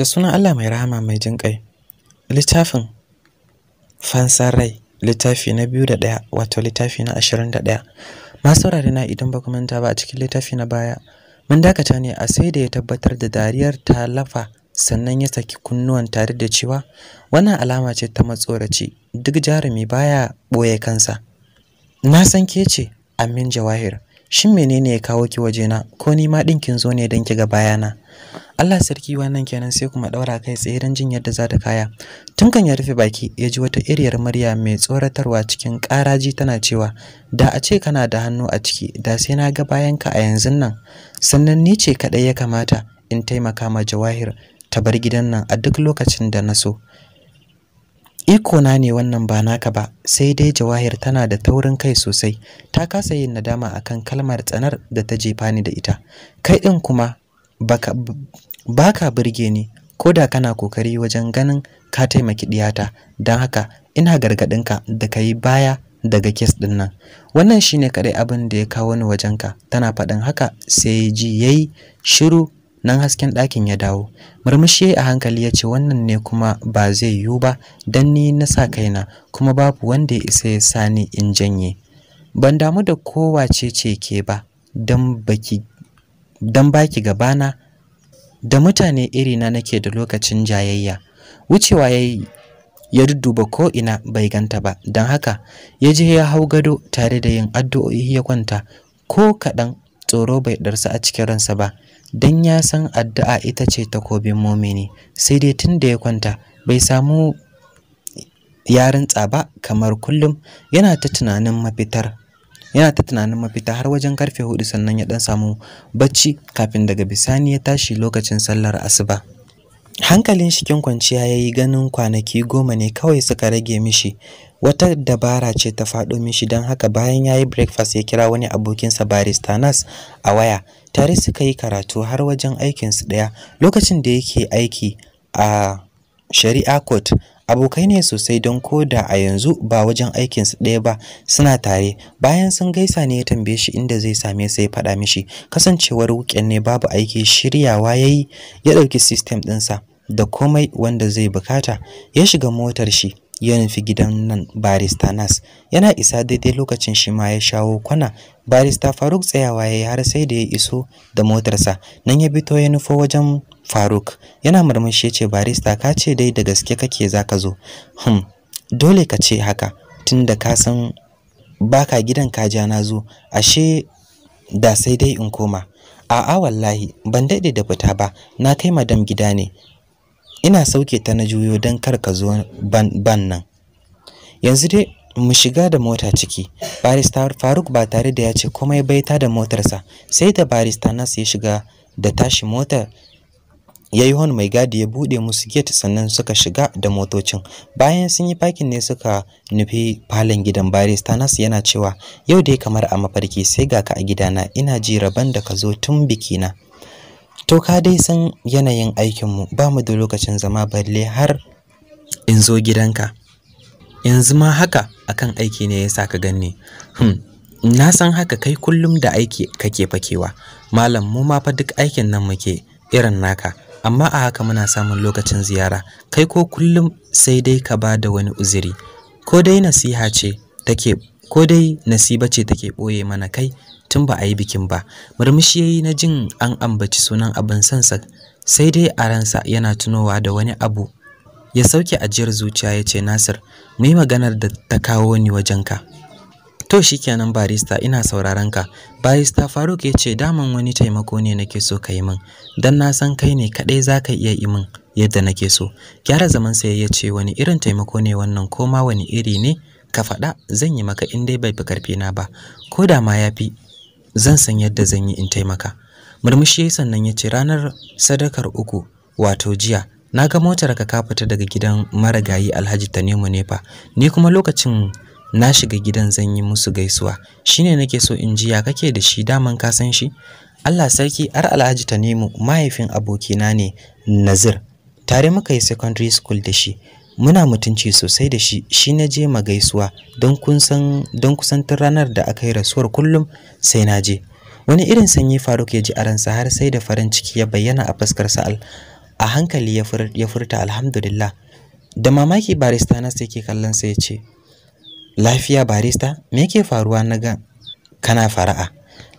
da sunan Allah mai rahama mai jin ƙai littafin fansar rai littafi na biyu da ɗaya wato littafi na ashirin da ɗaya masu saurare na idan ba ku manta ba a cikin littafi na baya mun dakata ne a sai da ya tabbatar da dariyar ta lafa sannan ya saki kunnuwan tare da cewa wannan alama ce ta matsoraci duk jarumi baya ɓoye kansa na san ke ce amin jawahir shin menene ya kawo ki wajena ko ni ma din kin zo ne don ki ga bayana Allah sarki wannan kenan sai kuma daura kai tsaye don jin yadda za ta kaya tun kan ya rufe baki ya ji wata iriyar murya mai tsoratarwa cikin karaji tana cewa da a ce kana da hannu a ciki da sai na ga bayan ka a yanzun nan sannan ni ce kadai ya kamata in taimaka ma jawahir ta bar gidan nan a duk lokacin da na so iko na ne wannan ba naka ba sai dai jawahir tana da taurin kai sosai ta kasa yin nadama akan kalmar tsanar da ta jefa ni da ita kai din kuma baka baka burge ni ko da kana kokari wajen ganin ka taimaki diyata don haka ina gargadinka da ka yi baya daga kes din nan wannan shine kadai abin da ya kawo ni wajenka tana faɗin haka sai ji yayi shiru nan hasken ɗakin ya dawo murmushi a hankali ya ce wannan ne kuma ba zai yiwu ba Dan ni na sa kaina kuma babu wanda ya isa ya sa ni in janye ban damu da kowace ce ke ba don baki gabana da mutane irina nake da lokacin jayayya wucewa ya yi ya dudduba ko'ina bai ganta ba don haka ya je ya hau gado tare da yin addu'o'i ya kwanta ko kaɗan tsoro bai ɗarsa a cikin ransa ba dan ya san addu'a ita ce takobin mumini sai dai tun da ya kwanta bai samu yarin tsaba kamar kullum yana ta tunanin mafitar yana ta tunanin mafita har wajen karfe hudu sannan ya dan samu bacci kafin daga bisani ya tashi lokacin sallar asuba hankalin shikin kwanciya ya yi ganin kwanaki goma ne kawai suka rage mishi wata dabara ce ta faɗo mishi don haka bayan ya yi breakfast ya kira wani abokinsa barista nas a waya tare suka yi karatu har wajen aikinsu ɗaya lokacin da yake aiki a shari'a court abokai ne sosai don ko da a yanzu ba wajen aikinsu ɗaya ba suna tare bayan sun gaisa ne ya tambaye shi inda zai same sai faɗa mishi kasancewar wuƙen ne babu aiki shiryawa ya ya ɗauki system ɗinsa da komai wanda zai bukata ya shiga motar shi ya nufi gidan nan barista nas yana isa daidai lokacin shi ma ya shawo kwana barista faruk tsayawa ya yi har sai da ya iso da motarsa nan ya bito ya nufo wajen faruk yana murmushi ya ce barista ka ce dai da gaske kake za ka zo hmm dole ka ce haka tunda ka san baka gidan ka ja na zo ashe da sai dai in koma a'a wallahi ban daɗe da fita ba na kai madam gida ne ina sauke ta na juyo don kar ka zo ban nan yanzu dai mu shiga da mota ciki barista faruk ba tare da ya ce komai bai ta da motarsa sai da barista nasu ya shiga da tashi mota ya yi hon mai gadi ya buɗe musu gate sannan suka shiga da motocin bayan sun yi fakin ne suka nufi falon gidan barista nasu yana cewa yau dai kamar a mafarki sai ga ka a gidana ina ji rabon da ka zo tun bikina to ka dai san yanayin aikinmu ba mu da lokacin zama balle har in zo gidanka yanzu ma haka akan aiki ne yasa ka ganni hmm. na san haka kai kullum da aiki kake fakewa malam mu ma fa duk aikin nan muke irin naka amma a haka muna samun lokacin ziyara kai ko kullum sai dai ka ba da wani uzuri ko dai nasiha ce take ko dai nasiba ce take ɓoye mana kai tun ba a yi bikin ba murmushi yayi na jin an ambaci sunan abin sa, sai dai a ransa yana tunowa da wani abu ya sauke ajiyar zuciya ya ce Nasir mu yi maganar da ta kawo ni wajenka to shikenan barista ina sauraron ka barista Faruk ya ce daman wani taimako ne nake so ka yi min dan na san kai ne kadai zaka iya yi min yadda nake so gyara zaman sai ya ce wani irin taimako ne wannan ko ma wani iri ne ka faɗa zan yi maka in dai bai fi karfi na ba ko da ma ya fi. zan san yadda zan yi in taimaka murmushi sannan ya ce ranar sadakar uku wato jiya na ga motar ka fita daga gidan maragayi alhaji tanemu nefa ni kuma lokacin na shiga gidan zan yi musu gaisuwa shine nake so in ji ya kake da shi daman ka san shi Allah sarki ar alhaji tanemu mahaifin abokina ne nazir tare muka yi secondary school da shi muna mutunci sosai da shi shi na je magaisuwa don don kusantar ranar da aka yi rasuwar kullum sai na je wani irin sanyi Faruk ya ji a ransa har sai da farin ciki ya bayyana a fuskar sa a hankali ya furta alhamdulillah da mamaki barista na sai ke kallon sa ya ce lafiya barista me yake faruwa na ga kana fara'a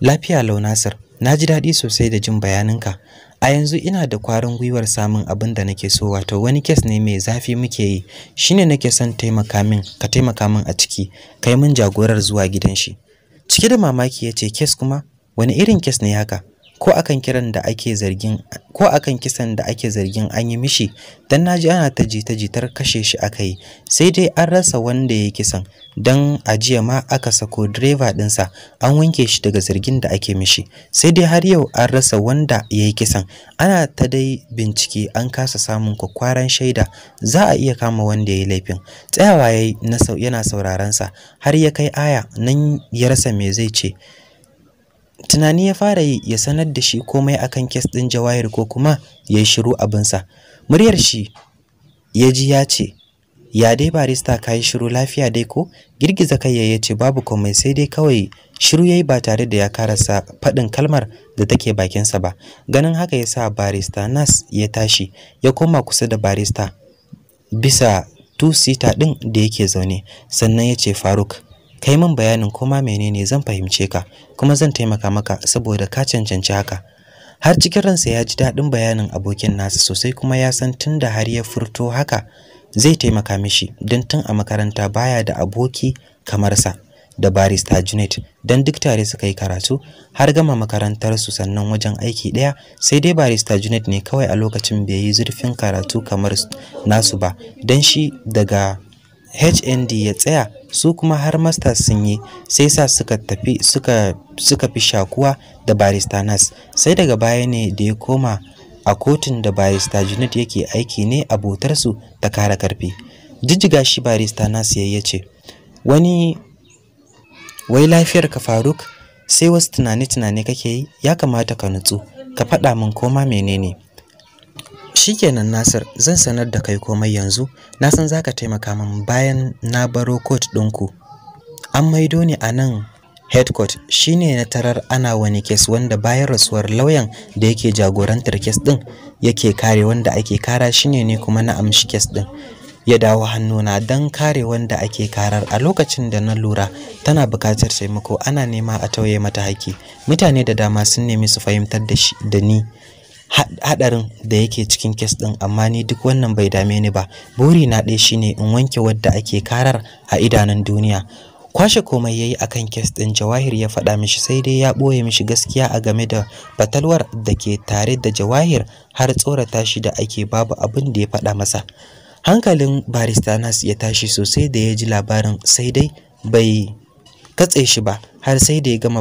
lafiya Launasir, na ji daɗi sosai da jin bayaninka a yanzu ina da kwarin gwiwar samun abin da nake so wato wani kes ne mai zafi muke yi shine nake son taimaka min ka taimaka min a ciki kai min jagorar zuwa gidan shi cike da mamaki ya ce kes kuma wani irin kes ne haka ko akan kiran da ake zargin ko akan kisan da ake zargin an yi mishi dan naji ana ta jita jitar kashe shi aka yi sai dai an rasa wanda ya kisan dan ajiya ma aka sako direba dinsa an wanke shi daga zargin da ake mishi sai dai har yau an rasa wanda ya kisan ana ta dai bincike an kasa samun kwakwaran shaida za a iya kama wanda ya laifin tsayawa yana sauraron sa har ya kai aya nan ya rasa me zai ce tunani ya fara yi ya sanar da shi komai akan kes ɗin jawahir ko kuma ya yi shiru abinsa muryar shi ya ji ya ce ya dai barista ka yi shiru lafiya dai ko girgiza kai ya ce babu komai sai dai kawai shiru yayi ba tare da ya karasa faɗin kalmar da take bakinsa ba ganin haka ya sa barista nas ya tashi ya koma kusa da barista bisa two-seater ɗin da yake zaune sannan ya ce faruk kai min bayanin koma menene zan fahimce ka kuma zan taimaka maka saboda ka cancanci haka har cikin ransa ya ji daɗin bayanin abokin nasa sosai kuma ya san tun da har ya furto haka zai taimaka mishi don tun a makaranta baya da aboki kamar sa da barista Junet don duk tare suka yi karatu har gama makarantarsu sannan wajen aiki ɗaya sai dai barista Junet ne kawai a lokacin bai yi zurfin karatu kamar nasu ba don shi daga HND ya tsaya su kuma har masters sun yi sai sa suka tafi suka suka fi shakuwa da barista nas sai daga baya ne da ya koma a kotun da barista junet yake aiki ne a abotarsu ta kara karfi jijjiga shi barista nas ya ce wani wai lafiyar ka faruk sai wasu tunani-tunani tunane kake yi ya kamata ka nutsu ka faɗa min koma menene Shikenan Nasir, zan sanar da kai komai yanzu. Na san zaka taimaka min bayan na baro court dinku An maido ni a nan head court shine na tarar ana wani kes wanda bayan rasuwar lauyan da yake jagorantar kes din yake kare wanda ake kara shine ne kuma na amshi kes din. ya dawo hannuna don kare wanda ake karar a lokacin da na lura tana buƙatar taimako ana nema a tauye mata haƙƙi mutane da dama sun nemi su fahimtar da ni hadarin da yake cikin kes din amma ni duk wannan bai dame ni ba buri na ɗaya shine in wanke wadda ake karar a idanun duniya kwashe komai yayi akan kes din Jawahir ya faɗa mishi sai dai ya ɓoye mishi gaskiya a game da batalwar da ke tare da Jawahir har tsorata shi da ake babu abin da ya faɗa masa hankalin barista Nas ya tashi sosai da ya ji labarin sai dai bai katse shi ba har sai da ya gama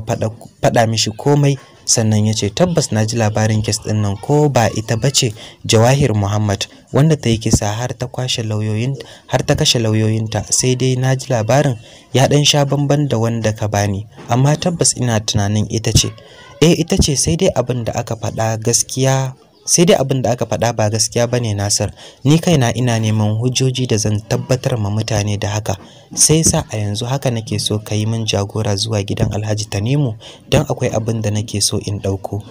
faɗa mishi komai sannan ya ce tabbas na ji labarin kes ɗin nan ko ba ita ba ce jawahir muhammad wanda ta yi kisa har ta kwashe lauyoyin ta kashe lauyoyinta sai dai na ji labarin ya ɗan sha bamban da wanda ka bani amma tabbas ina tunanin ita ce eh ita ce sai dai abin da aka faɗa gaskiya sai dai abin da aka faɗa ba gaskiya bane Nasir ni kaina ina neman hujjoji da zan tabbatar ma mutane da haka sai sa a yanzu haka nake so ka yi min jagora zuwa gidan Alhaji Tanimu don akwai abin da nake so in ɗauko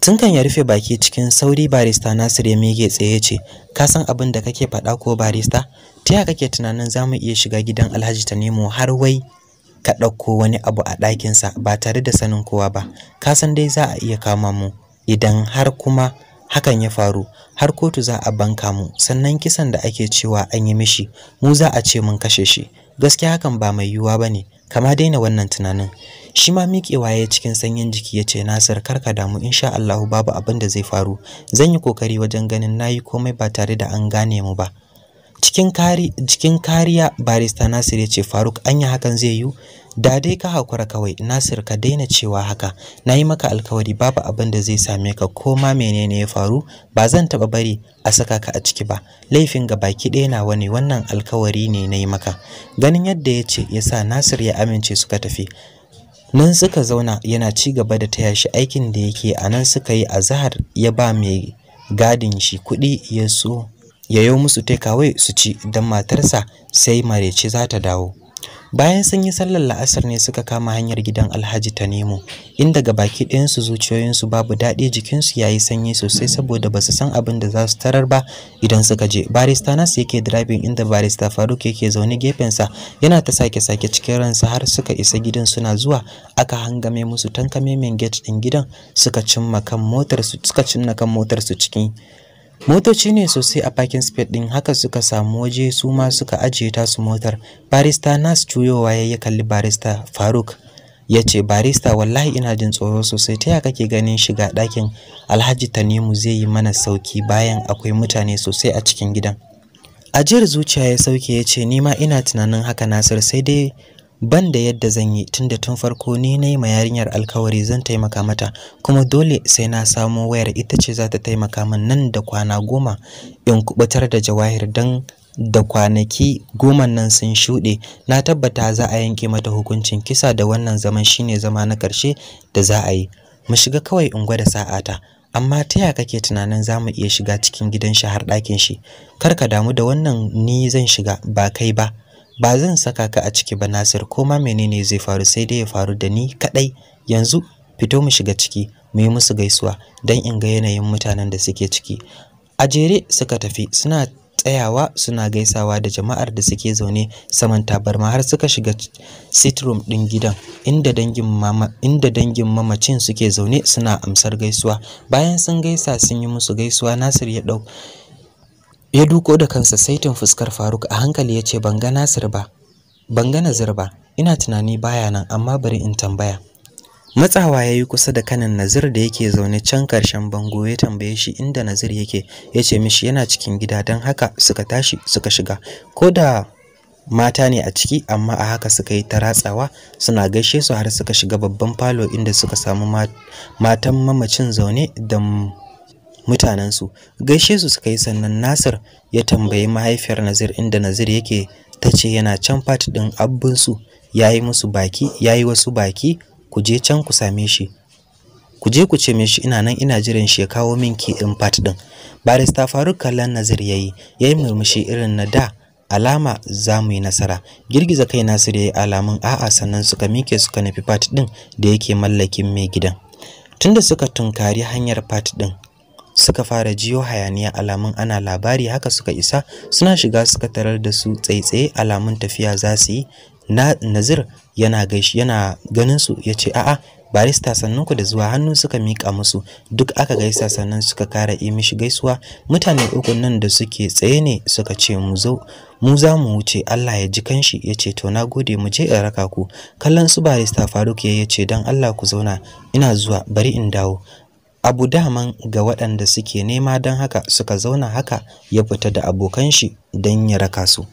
tun kan ya rufe baki cikin sauri barista Nasir ya mege tsaye ce ka san abin da kake faɗa ko barista ta ya kake tunanin za mu iya shiga gidan Alhaji Tanimu har wai ka ɗauko wani abu a ɗakinsa ba tare da sanin kowa ba ka san dai za a iya kama mu idan har kuma hakan ya faru har kotu za a banka mu sannan kisan da ake cewa an yi mishi mu za a ce mun kashe shi gaskiya hakan ba mai yiwuwa ba ne kama daina wannan tunanin shi ma miƙewa ya cikin sanyin jiki ya ce nasir karka damu insha Allah babu abin da zai faru zan yi kokari wajen ganin nayi komai ba tare da an gane mu ba cikin kari cikin kariya barista Nasir ya ce Faruk anya hakan zai yi da dai ka hakura kawai Nasir ka daina cewa haka Na yi maka alkawari babu abin da zai same ka ko ma menene ya faru ba zan taɓa bari a saka ka a ciki ba laifin ga baki ɗaya na wani wannan alkawari ne nayi maka ganin yadda ya ce yasa Nasir ya amince suka tafi nan suka zauna yana ci gaba da taya shi aikin da yake a nan suka yi a zahar ya ba mai gadin shi kuɗi ya so ya musu kawai su ci don matarsa sai marece za ta dawo bayan sun yi sallar la'asar ne suka kama hanyar gidan alhaji ta nemo inda ga baki ɗayansu zuciyoyinsu babu daɗi jikinsu ya yi sanyi sosai saboda ba su san abin da za su tarar ba idan suka je barista nas yake driving inda barista faruk yake zaune gefensa yana ta sake sake cikin ransa har suka isa gidan suna zuwa aka hangame musu tankame min gate ɗin gidan suka cimma cinna kan motar su cikin motoci ne sosai a parking space din haka suka samu waje su ma suka ajiye su motar barista nas cuyowa ya yi kalli barista faruk ya ce barista wallahi ina jin tsoro sosai ta yaya kake ganin shiga ɗakin alhaji tanimu zai yi mana sauki bayan akwai mutane sosai a cikin gidan ajiyar zuciya ya sauke ya ce nima ina tunanin haka nasir sai dai ban da yadda zan yi tun da tun farko ni na yi ma yarinyar alkawari zan taimaka mata kuma dole sai na samo wayar ita ce za ta taimaka min nan da kwana goma in kubutar da jawahir don da kwanaki goma nan sun shuɗe na tabbata za a yanke mata hukuncin kisa da wannan zaman shine zama na ƙarshe da za a yi mu shiga kawai in gwada sa'ata amma ta ya kake tunanin za mu iya shiga cikin gidan shi har ɗakin shi kar ka damu da wannan ni zan shiga ba kai ba ba zan saka ka a ciki ba Nasir ko ma menene zai faru sai dai ya faru da ni kadai yanzu fito mu shiga ciki mu yi musu gaisuwa dan in ga yanayin mutanen da suke ciki a jere suka tafi suna tsayawa suna gaisawa da jama'ar da suke zaune saman tabarma har suka shiga sitrum din gidan inda dangin mama inda dangin mamacin suke zaune suna amsar gaisuwa bayan sun gaisa sun yi musu gaisuwa Nasir ya dau ya duko da kansa saitin fuskar Faruk a hankali ya ce ban ga Nasir ba ban Nazir ba ina tunani baya nan amma bari in tambaya matsawa yayi kusa da kanin Nazir da yake zaune can karshen bango ya tambaye shi inda Nazir yake ya ce mishi yana cikin gida dan haka suka tashi suka shiga ko da mata ne a ciki amma a haka suka yi ta ratsawa suna gaishe su har suka shiga babban falo inda suka samu matan mamacin zaune da mutanensu gaishe su suka yi sannan Nasir ya tambayi mahaifiyar Nazir inda Nazir yake ta ce yana can fat din abbinsu ya yi musu baki ya wasu baki ku je can ku same shi ku je ku ce mishi ina nan ina jiran shi ya kawo min ki in fat din barista Faruk kallon Nazir yayi yayi murmushi irin na da alama za mu yi nasara girgiza kai Nasir yayi alamun a'a sannan suka mike suka nufi fat din da yake mallakin mai gidan tunda suka tunkari hanyar fat din suka fara jiyo hayaniya alamun ana labari haka suka isa suna shiga suka tarar da su tsaitsaye alamun tafiya za su yi na nazir yana gaishe yana ganin su ya ce a'a barista sannan ku da zuwa hannu suka mika musu duk aka gaisa sannan suka kara yi mishi gaisuwa mutane uku nan da suke tsaye ne suka ce mu zo mu za mu wuce Allah ya ji kanshi ya ce to na gode mu je in raka ku kallon su barista Faruk ya ce dan Allah ku zauna ina zuwa bari in dawo abu daman ga waɗanda suke nema don haka suka zauna haka ya fita da abokan shi don ya raka su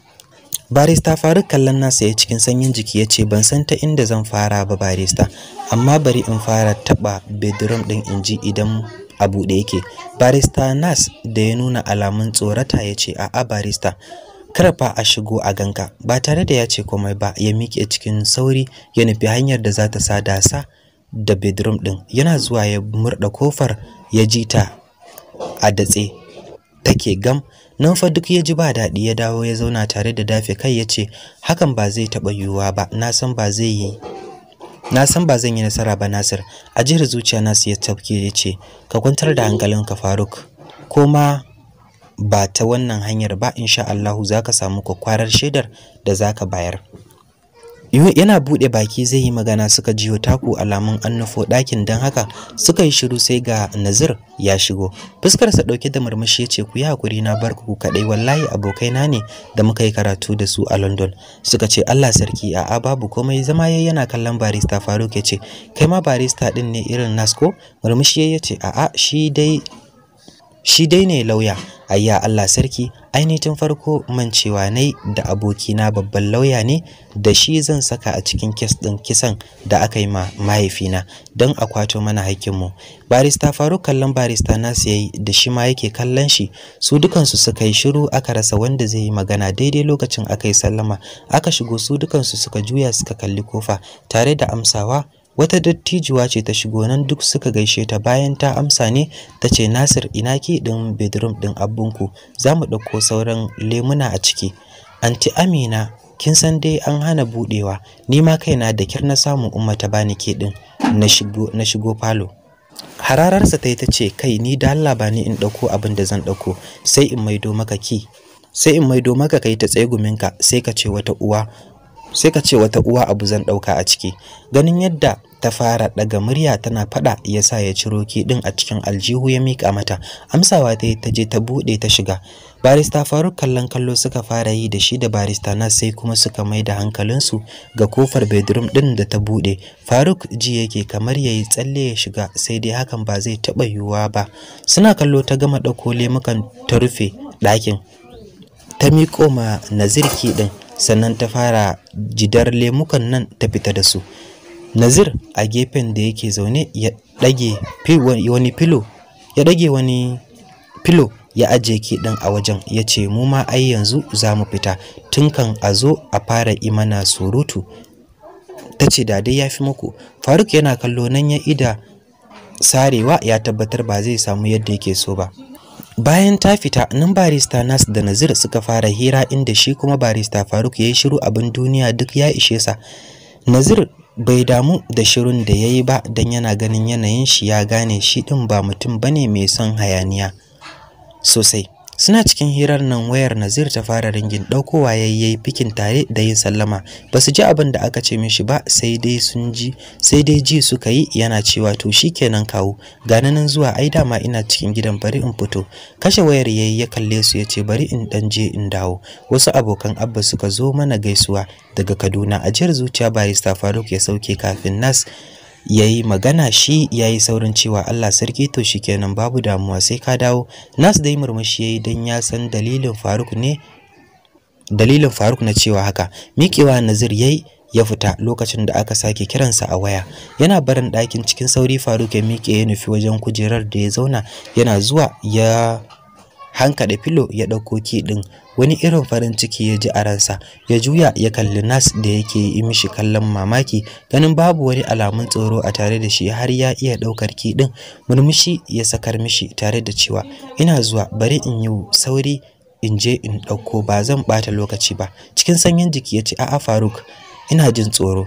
barista faruk kallon nasa ya cikin sanyin jiki ya ce ban san ta inda zan fara ba barista amma bari in fara taɓa bedroom ɗin in ji idan a buɗe yake barista nas da ya nuna alamun tsorata ya ce a'a barista karfa a shigo a ganka ba tare da ya ce komai ba ya miƙe cikin sauri ya nufi hanyar da za ta da sa da bedroom din yana zuwa ya murda kofar ya ji ta a datse take gam nan fa duk ya ji ba daɗi ya dawo ya zauna tare da dafe kai yace hakan ba zai taɓa yiwuwa ba na san ba zai yi na san ba zan yi nasara ba nasir a jihar zuciya nasu ya tafke yace ka kwantar da hankalinka faruk ko ba ta wannan hanyar ba insha Allahu zaka samu kwakwarar shaidar da zaka bayar yana bude baki zai yi magana suka jiyo taku alamun annufo nufo ɗakin don haka suka yi shiru sai ga nazir ya shigo fuskarsa ɗauke da murmushi ya ce ku ya hakuri na bar ku kaɗai wallahi abokaina ne da muka yi karatu da su a london suka ce allah sarki a'a babu komai zama yayi yana kallon barista faruk ya ce kai ma barista ɗin ne irin nasko murmushi ya ce a'a shi dai shi dai ne lauya ayya Allah sarki ainihin farko Man cewa ne da abokina babban lauya ne da shi zan saka a cikin kes ɗin kisan da aka yi ma mahaifina don a kwato mana haƙƙinmu barista faruk kallon barista nasu yayi da shi ma yake kallon shi su dukansu suka yi shiru aka rasa wanda zai yi magana daidai lokacin aka yi sallama aka shigo su dukansu suka juya suka kalli kofa tare da amsawa wata dattijuwa ce ta shigo nan duk suka gaishe ta bayan ta amsa ne ta ce nasir ina ki din bedroom din abunku za mu ɗauko sauran lemuna a ciki anti amina kin san dai an hana buɗewa. ni ma kaina da kir na samu umma ta bani ke din na shigo na shigo falo harararsa ta yi ta ce kai ni da Allah ba in ɗauko abin da zan ɗauko sai in maido maka ki sai in maido maka kai ta tseguminka sai ka ce wata uwa sai ka ce wata uwa abu zan ɗauka a ciki ganin yadda ta fara daga murya tana fada yasa ya ciro ki din a cikin aljihu ya mika mata amsawa ta ta je ta bude ta shiga barista Faruk kallon kallo suka fara yi da shi da barista na sai kuma suka mai da hankalinsu ga kofar bedroom din da ta bude Faruk ji yake kamar yayi tsalle ya shiga sai dai hakan ba zai taba yiwuwa ba suna kallo ta gama dauko lemukan ta rufe ɗakin ta miƙo ma nazirki din sannan ta fara jidar lemukan nan ta fita da su Nazir a gefen da yake zaune ya ɗage wani filo ya ɗage wani filo ya aje ki ɗin a wajen ya ce mu ma ai yanzu za mu fita tun kan a zo a fara imana surutu ta ce da dai ya fi muku faruk yana kallo nan ya ida sarewa ya tabbatar ba zai samu yadda yake so ba bayan ta fita nan barista nas da nazir suka fara hira inda shi kuma barista faruk ya yi shiru abin duniya duk ya ishe sa nazir bai damu da shirin da ya yi ba don yana ganin yanayin shi ya gane shi ɗin ba mutum bane mai son hayaniya sosai Suna cikin hirar nan wayar Nazir ta fara ringin ɗaukowa yayi bikin tare da yin sallama. Ba su ji abin da aka ce mishi ba sai dai sun ji sai dai ji suka yi yana cewa to shikenan kawo Gane nan zuwa ai dama ina cikin gidan bari in fito. Kashe wayar yayi ya kalle su ya ce bari in dan je in dawo. Wasu abokan Abba suka zo mana gaisuwa daga Kaduna. Ajiyar zuciya barista Faruk ya sauke kafin Nas ya yi magana shi ya yi saurin cewa Allah sarki to shi shikenan babu damuwa sai ka dawo nas dai murmushi ya yi don ya san dalilin faruk ne dalilin faruk na cewa haka miƙewa nazir ya ya fita lokacin da aka sake kiransa a waya yana barin ɗakin cikin sauri faruk ya miƙe ya nufi wajen kujerar da ya zauna yana zuwa ya Hanka da filo ya ɗauko ki ɗin wani irin farin ciki ya ji a ransa ya juya ya kalli nas da yake yi mishi kallon mamaki ganin babu wani alamun tsoro a tare da shi har ya iya ɗaukar ki ɗin murmushi ya sakar mishi tare da cewa ina zuwa bari in yi sauri in je in ɗauko ba zan ɓata lokaci ba cikin sanyin jiki ya ce a'a faruk ina jin tsoro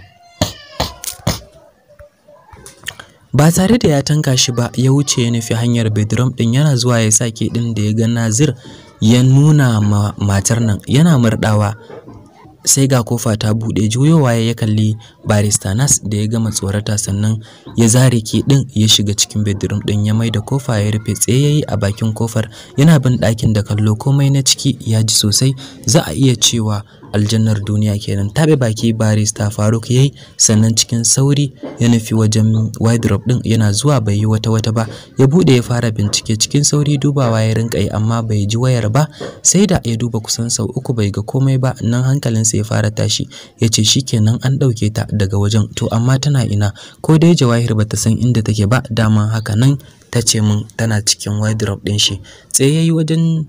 ba tare da ya tanka shi ba ya wuce ya nufi hanyar bedroom din yana zuwa ya sake din da ya ga Nazir ya nuna ma matar nan yana murdawa sai ga kofa ta bude juyowa ya kalli barista Nas da ya gama tsorata sannan ya zare ke din ya shiga cikin bedroom din ya maida kofa ya rufe tsayayi a bakin kofar yana bin ɗakin da kallo komai na ciki ya ji sosai za a iya cewa aljannar duniya kenan tabe baki barista Faruk yayi sannan cikin sauri ya nufi wajen wardrobe din yana zuwa bai yi wata wata ba ya bude ya fara bincike cikin sauri dubawa ya rinka yi amma bai ji wayar ba sai da ya duba kusan sau uku bai ga komai ba nan hankalinsa ya fara tashi yace shikenan an dauke ta daga wajen to amma tana ina ko dai Jawahir bata san inda take ba dama haka nan ta ce min tana cikin wardrobe din shi tsayayi wajen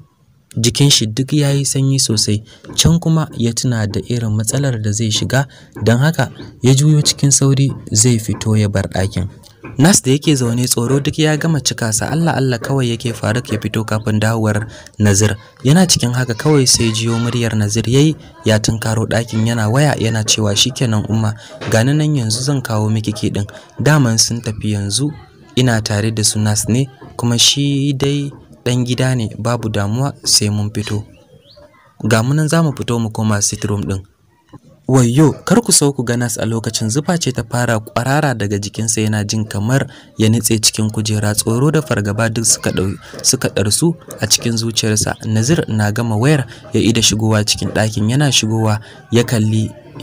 jikin shi duk yayi sanyi sosai can kuma ya tuna da irin matsalar da zai shiga don haka ya juyo cikin sauri zai fito ya bar ɗakin nas da yake zaune tsoro duk ya gama cika sa allah allah kawai yake faruk ya fito kafin dawowar nazir yana cikin haka kawai sai jiyo muryar nazir yayi ya tunkaro ɗakin yana waya yana cewa shikenan umma gani nan yanzu zan kawo miki kiɗin daman sun tafi yanzu ina tare da su nas ne kuma shi dai ɗan gida ne babu damuwa sai mun fito ga munan za mu fito mu koma sitrom ɗin wayyo kar ku sauku ganas a lokacin zufa ce ta fara ƙwarara daga jikinsa yana jin kamar ya nitse cikin kujera tsoro da fargaba duk suka ɗarsu a cikin zuciyarsa nazir na gama wayar ya ida shigowa cikin ɗakin yana shigowa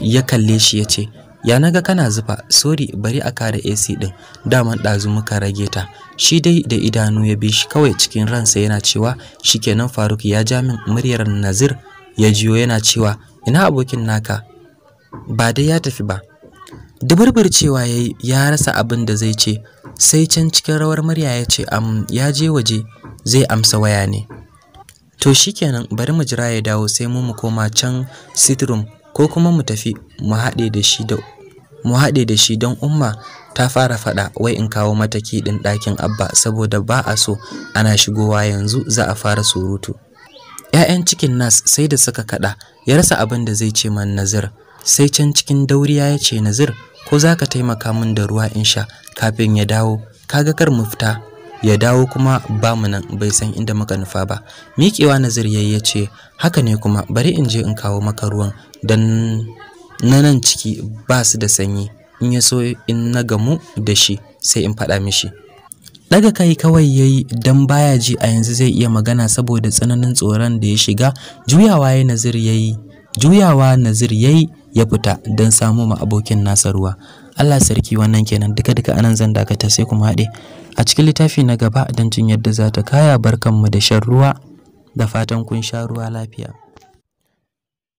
ya kalle shi ya ce ya naga kana zufa Sori, bari a kare AC din daman dazu muka rage ta shi dai da idanu ya bi shi kawai cikin ransa yana cewa shikenan Faruk ya ja min muryar Nazir ya jiyo yana cewa ina abokin naka ba dai ya tafi ba dubarbar cewa yayi ya rasa abin da zai ce sai can cikin rawar murya ya ce am ya je waje zai amsa waya ne to shikenan bari mu jira ya dawo sai mu mu koma can sitrum ko kuma mu tafi mu haɗe da shi da mu haɗe da shi don umma ta fara faɗa wai in kawo mata ɗin ɗakin abba saboda ba a so ana shigowa yanzu za a fara surutu 'ya'yan cikin nas sai da suka kaɗa ya rasa abin da zai ce man nazir sai can cikin dauriya ya ce nazir ko za ka taimaka min da ruwa in sha kafin ya dawo kaga kar mu fita ya dawo kuma ba mu nan bai san inda muka nufa ba miƙewa nazir ya ce haka ne kuma bari in je in kawo maka ruwan don na nan ciki ba su da sanyi in ya so in na gamu da shi sai in faɗa mishi daga kai kawai yayi dan baya ji a yanzu zai iya magana saboda tsananin tsoron da ya shiga juyawa ya nazir yayi juyawa nazir yayi ya fita dan samu ma abokin nasa ruwa Allah sarki wannan kenan duka duka anan zan dakata sai kuma haɗe a cikin littafi na gaba don jin yadda za ta kaya barkanmu da shan ruwa da fatan kun sha ruwa lafiya